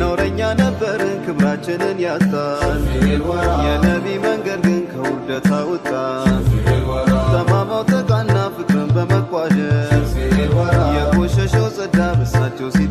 ነውረኛ ነበርን ክብራችንን ያጣን የነቢ መንገድ ግን ከውደታ ውጣን ተማማው ተቃና ፍቅርን በመቋደር የቆሸሸው ጸዳ በሳቸው ሲ